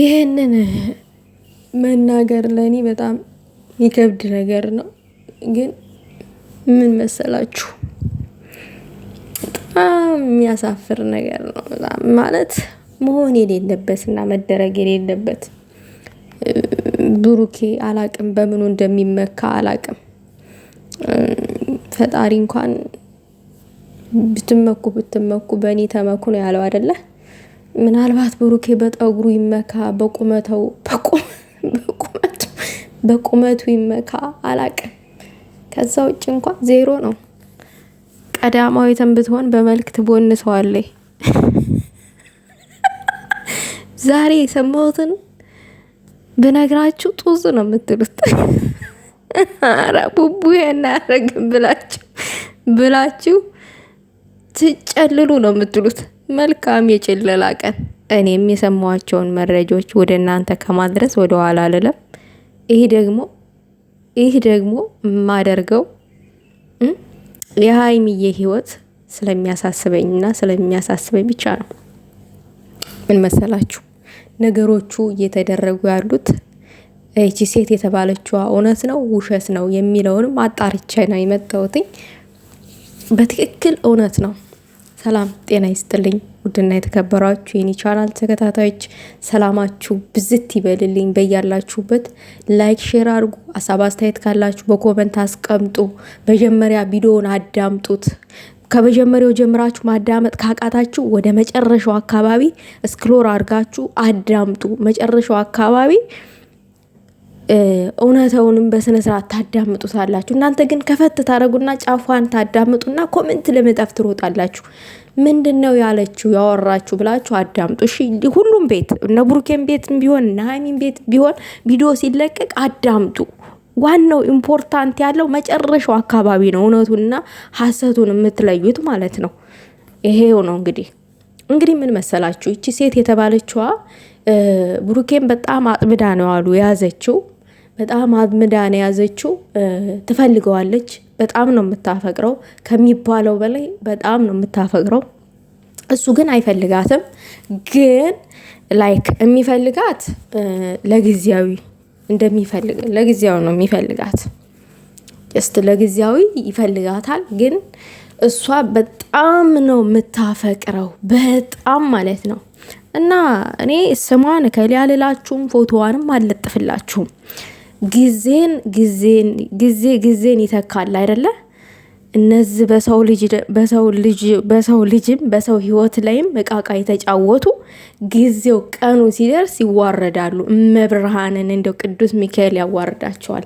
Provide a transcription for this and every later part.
ይህንን መናገር ለእኔ በጣም የሚከብድ ነገር ነው። ግን ምን መሰላችሁ በጣም የሚያሳፍር ነገር ነው። በጣም ማለት መሆን የሌለበት እና መደረግ የሌለበት ብሩኬ አላቅም፣ በምኑ እንደሚመካ አላቅም። ፈጣሪ እንኳን ብትመኩ ብትመኩ በእኔ ተመኩ ነው ያለው አይደለ? ምናልባት ብሩኬ በጠጉሩ ይመካ፣ በቁመተው በቁመቱ ይመካ አላቅም። ከዛ ውጭ እንኳን ዜሮ ነው። ቀዳማዊ ብትሆን በመልክ ትቦንሰዋለች። ዛሬ የሰማሁትን ብነግራችሁ ጡዝ ነው የምትሉት። ኧረ ቡቡ አናረግም ብላችሁ ብላችሁ ትጨልሉ ነው የምትሉት። መልካም የጨለላ ቀን። እኔም የሰማኋቸውን መረጃዎች ወደ እናንተ ከማድረስ ወደ ኋላ አልለም። ይህ ደግሞ ይህ ደግሞ የማደርገው የሀይሚዬ ህይወት ስለሚያሳስበኝና ስለሚያሳስበኝ ብቻ ነው። ምን መሰላችሁ ነገሮቹ እየተደረጉ ያሉት ይቺ ሴት የተባለችዋ እውነት ነው ውሸት ነው የሚለውንም አጣርቼ ነው የመጣሁትኝ። በትክክል እውነት ነው ሰላም ጤና ይስጥልኝ። ውድና የተከበራችሁ የኔ ቻናል ተከታታዮች ሰላማችሁ ብዝት ይበልልኝ በያላችሁበት። ላይክ፣ ሼር አድርጉ። አሳብ አስተያየት ካላችሁ በኮመንት አስቀምጡ። መጀመሪያ ቪዲዮውን አዳምጡት። ከመጀመሪያው ጀምራችሁ ማዳመጥ ካቃታችሁ ወደ መጨረሻው አካባቢ እስክሎር አድርጋችሁ አዳምጡ። መጨረሻው አካባቢ እውነተውንም በስነ ስርዓት ታዳምጡታላችሁ። እናንተ ግን ከፈት ታደረጉና ጫፏን ታዳምጡና ኮሜንት ለመጠፍ ትሮጣላችሁ። ምንድን ነው ያለችው ያወራችሁ ብላችሁ አዳምጡ። እሺ ሁሉም ቤት እነ ቤት ቢሆን እነ ሀይሚን ቤት ቢሆን ቪዲዮ ሲለቀቅ አዳምጡ። ዋናው ኢምፖርታንት ያለው መጨረሻው አካባቢ ነው፣ እውነቱንና ሀሰቱን የምትለዩት ማለት ነው። ይሄው ነው እንግዲህ እንግዲህ ምን መሰላችሁ፣ ይቺ ሴት የተባለችዋ ብሩኬን በጣም አጥምዳ ነው አሉ የያዘችው በጣም አምዳ ነው የያዘችው። ትፈልገዋለች። በጣም ነው የምታፈቅረው ከሚባለው በላይ በጣም ነው የምታፈቅረው። እሱ ግን አይፈልጋትም። ግን ላይክ የሚፈልጋት ለጊዜያዊ እንደሚፈልግ ለጊዜያዊ ነው የሚፈልጋት ስ ለጊዜያዊ ይፈልጋታል። ግን እሷ በጣም ነው የምታፈቅረው በጣም ማለት ነው። እና እኔ ስሟን ከሊያልላችሁም ፎቶዋንም አልለጥፍላችሁም። ጊዜን ጊዜን ጊዜ ጊዜን ይተካል አይደለ? እነዚህ በሰው ልጅ በሰው ልጅም በሰው ህይወት ላይም እቃቃ የተጫወቱ ጊዜው ቀኑ ሲደርስ ይዋረዳሉ። መብርሃንን እንደው ቅዱስ ሚካኤል ያዋርዳቸዋል።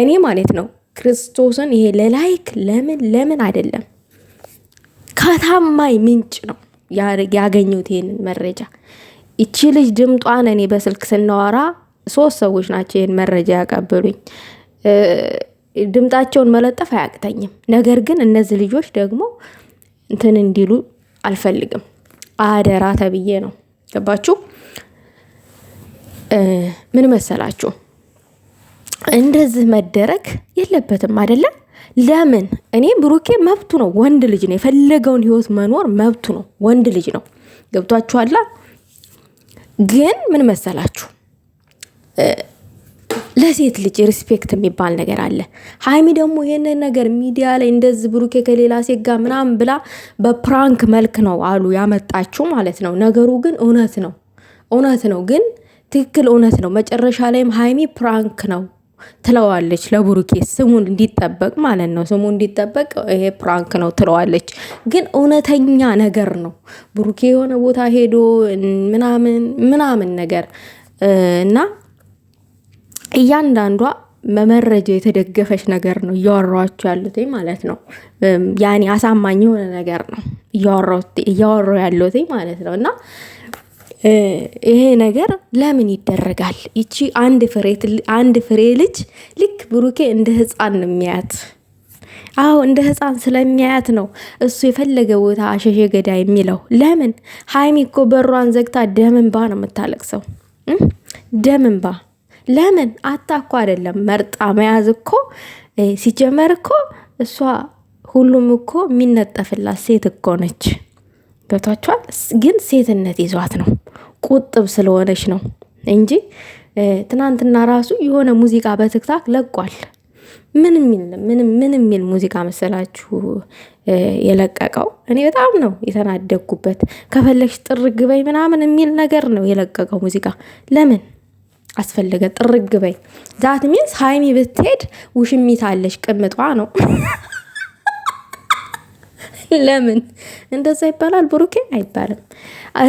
እኔ ማለት ነው ክርስቶስን ይሄ ለላይክ ለምን ለምን አይደለም ከታማኝ ምንጭ ነው ያገኘሁት ይሄንን መረጃ። ይቺ ልጅ ድምጧን እኔ በስልክ ስናወራ ሶስት ሰዎች ናቸው ይህን መረጃ ያቀበሉኝ። ድምጣቸውን መለጠፍ አያቅተኝም። ነገር ግን እነዚህ ልጆች ደግሞ እንትን እንዲሉ አልፈልግም። አደራ ተብዬ ነው። ገባችሁ? ምን መሰላችሁ? እንደዚህ መደረግ የለበትም አይደለም። ለምን እኔ ብሩኬ መብቱ ነው፣ ወንድ ልጅ ነው። የፈለገውን ህይወት መኖር መብቱ ነው፣ ወንድ ልጅ ነው። ገብቷችኋላ? ግን ምን መሰላችሁ ለሴት ልጅ ሪስፔክት የሚባል ነገር አለ። ሀይሚ ደግሞ ይህንን ነገር ሚዲያ ላይ እንደዚህ ብሩኬ ከሌላ ሴት ጋር ምናምን ብላ በፕራንክ መልክ ነው አሉ ያመጣችው ማለት ነው። ነገሩ ግን እውነት ነው፣ እውነት ነው ግን ትክክል እውነት ነው። መጨረሻ ላይም ሀይሚ ፕራንክ ነው ትለዋለች ለቡሩኬ ስሙን እንዲጠበቅ ማለት ነው። ስሙ እንዲጠበቅ ይሄ ፕራንክ ነው ትለዋለች፣ ግን እውነተኛ ነገር ነው። ቡሩኬ የሆነ ቦታ ሄዶ ምናምን ምናምን ነገር እና እያንዳንዷ መመረጃ የተደገፈች ነገር ነው እያወራኋቸው ያሉት ማለት ነው። ያኔ አሳማኝ የሆነ ነገር ነው እያወራሁ ያሉት ማለት ነው። እና ይሄ ነገር ለምን ይደረጋል? ይቺ አንድ ፍሬ ልጅ ልክ ብሩኬ እንደ ህፃን ነው የሚያያት። አዎ እንደ ህፃን ስለሚያያት ነው እሱ የፈለገ ቦታ አሸሼ ገዳ የሚለው። ለምን ሀይሚ እኮ በሯን ዘግታ ደምንባ ነው የምታለቅሰው ደምንባ ለምን አታ እኮ አይደለም መርጣ መያዝ እኮ ሲጀመር እኮ እሷ ሁሉም እኮ የሚነጠፍላት ሴት እኮ ነች። ገብቷችኋል? ግን ሴትነት ይዟት ነው ቁጥብ ስለሆነች ነው እንጂ ትናንትና ራሱ የሆነ ሙዚቃ በትክታክ ለቋል። ምን ሚል ምን ሙዚቃ መሰላችሁ የለቀቀው? እኔ በጣም ነው የተናደግኩበት። ከፈለግሽ ጥርግ በይ ምናምን የሚል ነገር ነው የለቀቀው ሙዚቃ ለምን አስፈለገ ጥርግ በይ ዛት ሚንስ ሀይሚ ብትሄድ ውሽሚት አለሽ ቅምጧ ነው። ለምን እንደዛ ይባላል? ብሩኬ አይባልም።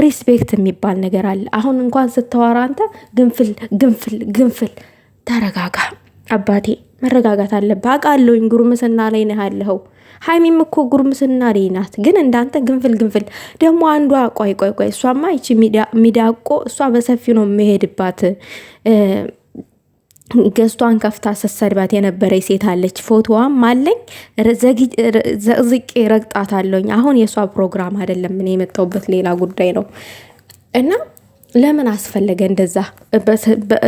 ሪስፔክት የሚባል ነገር አለ። አሁን እንኳን ስታወራ አንተ ግንፍል ግንፍል ግንፍል፣ ተረጋጋ አባቴ። መረጋጋት አለብህ። አውቃለሁኝ ጉርምስና ላይ ነህ ያለኸው። ሀይሚም እኮ ጉርምስና ላይ ናት፣ ግን እንዳንተ ግንፍል ግንፍል ደግሞ አንዷ ቆይ ቆይ ቆይ፣ እሷማ ይቺ ሚዳቆ እሷ በሰፊ ነው የምሄድባት ገዝቷን ከፍታ ስትሰድባት የነበረ ሴት አለች። ፎቶዋም አለኝ ዘቅዝቄ ረግጣት አለኝ። አሁን የእሷ ፕሮግራም አይደለም እኔ የመጣሁበት ሌላ ጉዳይ ነው እና ለምን አስፈለገ እንደዛ?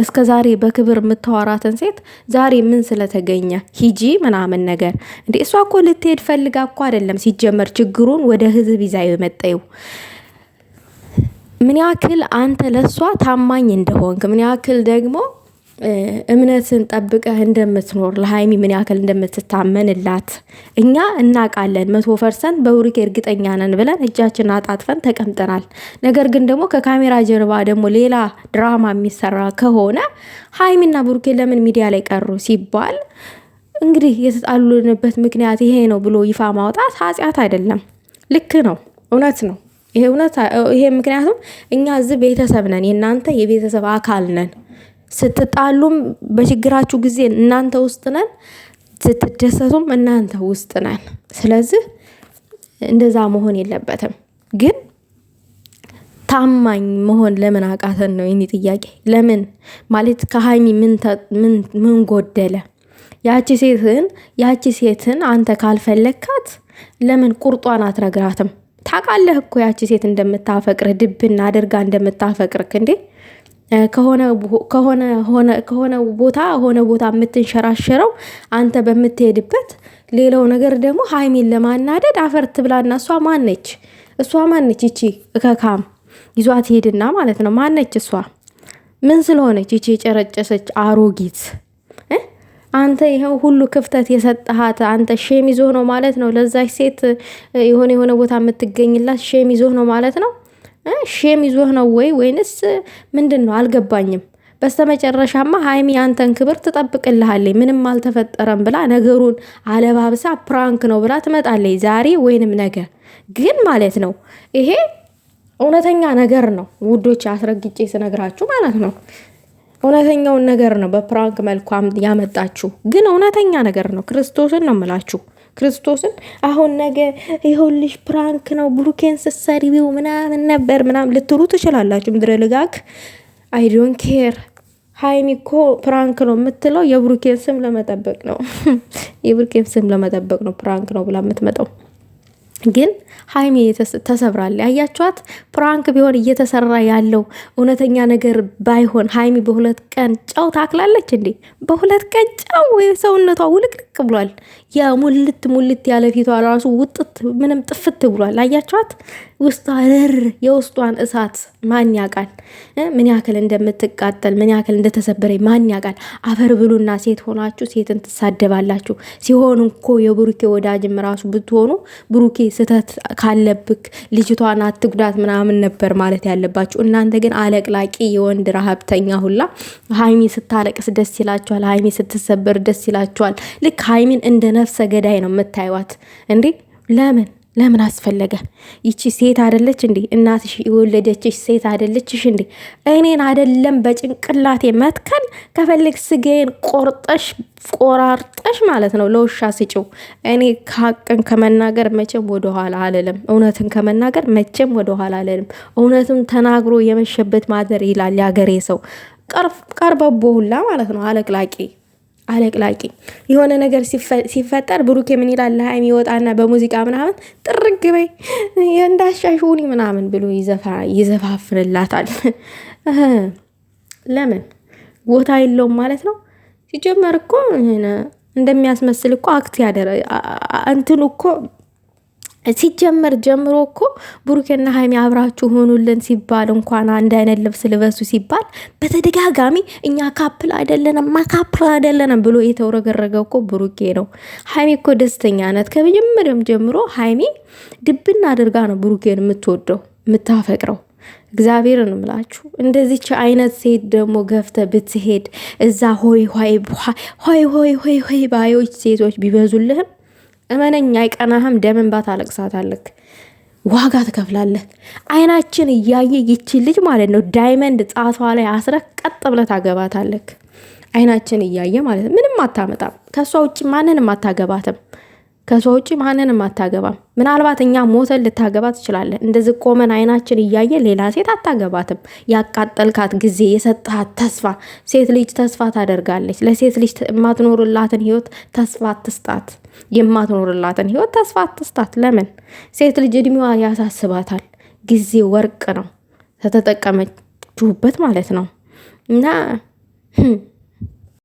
እስከ ዛሬ በክብር የምታወራትን ሴት ዛሬ ምን ስለተገኘ ሂጂ ምናምን ነገር እንዴ? እሷ እኮ ልትሄድ ፈልጋ እኮ አይደለም። ሲጀመር ችግሩን ወደ ህዝብ ይዛ የመጣው ምን ያክል አንተ ለእሷ ታማኝ እንደሆንክ ምን ያክል ደግሞ እምነትን ጠብቀህ እንደምትኖር ለሀይሚ ምን ያክል እንደምትታመንላት እኛ እናውቃለን። መቶ ፐርሰንት በብሩኬ እርግጠኛ ነን ብለን እጃችን አጣጥፈን ተቀምጠናል። ነገር ግን ደግሞ ከካሜራ ጀርባ ደግሞ ሌላ ድራማ የሚሰራ ከሆነ ሀይሚና ብሩኬ ለምን ሚዲያ ላይ ቀሩ ሲባል እንግዲህ የተጣሉንበት ምክንያት ይሄ ነው ብሎ ይፋ ማውጣት ኃጢአት አይደለም። ልክ ነው፣ እውነት ነው። ይሄ ምክንያቱም እኛ እዚህ ቤተሰብ ነን፣ የእናንተ የቤተሰብ አካል ነን። ስትጣሉም በችግራችሁ ጊዜ እናንተ ውስጥ ነን፣ ስትደሰቱም እናንተ ውስጥ ነን። ስለዚህ እንደዛ መሆን የለበትም። ግን ታማኝ መሆን ለምን አቃተን ነው የኔ ጥያቄ። ለምን ማለት ከሀይሚ ምን ጎደለ? ያቺ ሴትን ያቺ ሴትን አንተ ካልፈለግካት ለምን ቁርጧን አትነግራትም? ታውቃለህ እኮ ያቺ ሴት እንደምታፈቅርህ ድብና አድርጋ እንደምታፈቅርህ እንዴ ከሆነ ቦታ ሆነ ቦታ የምትንሸራሸረው አንተ በምትሄድበት። ሌላው ነገር ደግሞ ሀይሚን ለማናደድ አፈር ትብላና እሷ ማነች? እሷ ማነች? ይቺ እከካም ይዟት ሄድና ማለት ነው። ማነች እሷ? ምን ስለሆነች ይቺ የጨረጨሰች አሮጊት? አንተ ይኸው ሁሉ ክፍተት የሰጠሃት አንተ ሼም ይዞህ ነው ማለት ነው። ለዛች ሴት የሆነ የሆነ ቦታ የምትገኝላት ሼም ይዞህ ነው ማለት ነው። ሼም ይዞህ ነው ወይ ወይንስ ምንድን ነው? አልገባኝም። በስተመጨረሻማ ሀይሚ አንተን ክብር ትጠብቅልሃለች። ምንም አልተፈጠረም ብላ ነገሩን አለባብሳ ፕራንክ ነው ብላ ትመጣለች ዛሬ ወይንም ነገ። ግን ማለት ነው ይሄ እውነተኛ ነገር ነው ውዶች፣ አስረግጬ ስነግራችሁ ማለት ነው እውነተኛውን ነገር ነው። በፕራንክ መልኳም ያመጣችሁ ግን እውነተኛ ነገር ነው። ክርስቶስን ነው ምላችሁ። ክርስቶስን አሁን ነገ ይሁልሽ ፕራንክ ነው ብሩኬን ስትሰሪው ምናምን ነበር ምናምን ልትሉ ትችላላችሁ። ምድረ ልጋክ አይ ዶን ኬር። ሀይሚ እኮ ፕራንክ ነው የምትለው የብሩኬን ስም ለመጠበቅ ነው። የብሩኬን ስም ለመጠበቅ ነው ፕራንክ ነው ብላ የምትመጣው። ግን ሀይሚ ተሰብራል። ያያችኋት ፕራንክ ቢሆን እየተሰራ ያለው እውነተኛ ነገር ባይሆን ሀይሚ በሁለት ቀን ጨው ታክላለች እንዴ! በሁለት ቀን ጨው ሰውነቷ ውልቅልቅ ብሏል። የሙልት ሙልት ያለ ፊቷ ራሱ ውጥት ምንም ጥፍት ብሏል። አያችኋት ውስጧ ርር የውስጧን እሳት ማን ያውቃል? ምን ያክል እንደምትቃጠል ምን ያክል እንደተሰበረ ማን ያውቃል? አፈር ብሉና ሴት ሆናችሁ ሴትን ትሳደባላችሁ። ሲሆን እኮ የብሩኬ ወዳጅም ራሱ ብትሆኑ ብሩኬ ስህተት ካለብክ ልጅቷን አትጉዳት ምናምን ነበር ማለት ያለባችሁ። እናንተ ግን አለቅላቂ የወንድ ረሀብተኛ ሁላ ሀይሚ ስታለቅስ ደስ ይላችኋል። ሀይሚ ስትሰበር ደስ ይላችኋል። ልክ ሀይሚን እንደ ነፍሰ ገዳይ ነው የምታይዋት። እንዴ! ለምን ለምን አስፈለገ? ይቺ ሴት አደለች እንዴ? እናትሽ የወለደችሽ ሴት አደለችሽ እንዴ? እኔን አደለም በጭንቅላቴ መትከል ከፈልግ ስጋዬን ቆርጠሽ ቆራርጠሽ ማለት ነው ለውሻ ስጭው። እኔ ከሀቅን ከመናገር መቼም ወደኋላ አልልም። እውነትን ከመናገር መቼም ወደኋላ አልልም። እውነትም ተናግሮ የመሸበት ማደር ይላል ያገሬ ሰው። ቀርበቦ ሁላ ማለት ነው አለቅላቂ አለቅላቂ የሆነ ነገር ሲፈጠር ብሩኬ ምን ይላል? ለሀይሚ ይወጣና በሙዚቃ ምናምን ጥርግ በይ እንዳሻሽሁኒ ምናምን ብሎ ይዘፋፍንላታል። ለምን ቦታ የለውም ማለት ነው። ሲጀመር እኮ እንደሚያስመስል እኮ አክት ያደረ እንትን እኮ ሲጀመር ጀምሮ እኮ ብሩኬና ሀይሚ አብራችሁ ሆኑልን ሲባል እንኳን አንድ አይነት ልብስ ልበሱ ሲባል በተደጋጋሚ እኛ ካፕል አይደለንም ማካፕል አይደለንም ብሎ የተውረገረገ እኮ ብሩኬ ነው። ሀይሚ እኮ ደስተኛ ናት። ከመጀመሪያም ጀምሮ ሀይሚ ድብና አድርጋ ነው ብሩኬን የምትወደው የምታፈቅረው። እግዚአብሔርን እምላችሁ እንደዚች አይነት ሴት ደግሞ ገፍተ ብትሄድ እዛ ሆይ ሆይ ሆይ ሆይ ሆይ ባዮች ሴቶች ቢበዙልህም እመነኝ አይቀናህም። ደም እንባ ታለቅሳታለህ፣ ዋጋ ትከፍላለህ። አይናችን እያየ ይቺ ልጅ ማለት ነው ዳይመንድ ጣቷ ላይ አስረህ ቀጥ ብለህ ታገባታለህ። አይናችን እያየ ማለት ነው። ምንም አታመጣም። ከእሷ ውጭ ማንንም አታገባትም። ከሰው ውጭ ማንንም አታገባም። ምናልባት እኛ ሞተን ልታገባ ትችላለን። እንደዚህ ቆመን አይናችን እያየ ሌላ ሴት አታገባትም። ያቃጠልካት ጊዜ፣ የሰጥሃት ተስፋ፣ ሴት ልጅ ተስፋ ታደርጋለች። ለሴት ልጅ የማትኖርላትን ህይወት ተስፋ አትስጣት። የማትኖርላትን ህይወት ተስፋ አትስጣት። ለምን ሴት ልጅ እድሜዋ ያሳስባታል። ጊዜ ወርቅ ነው፣ ተተጠቀመችሁበት ማለት ነው እና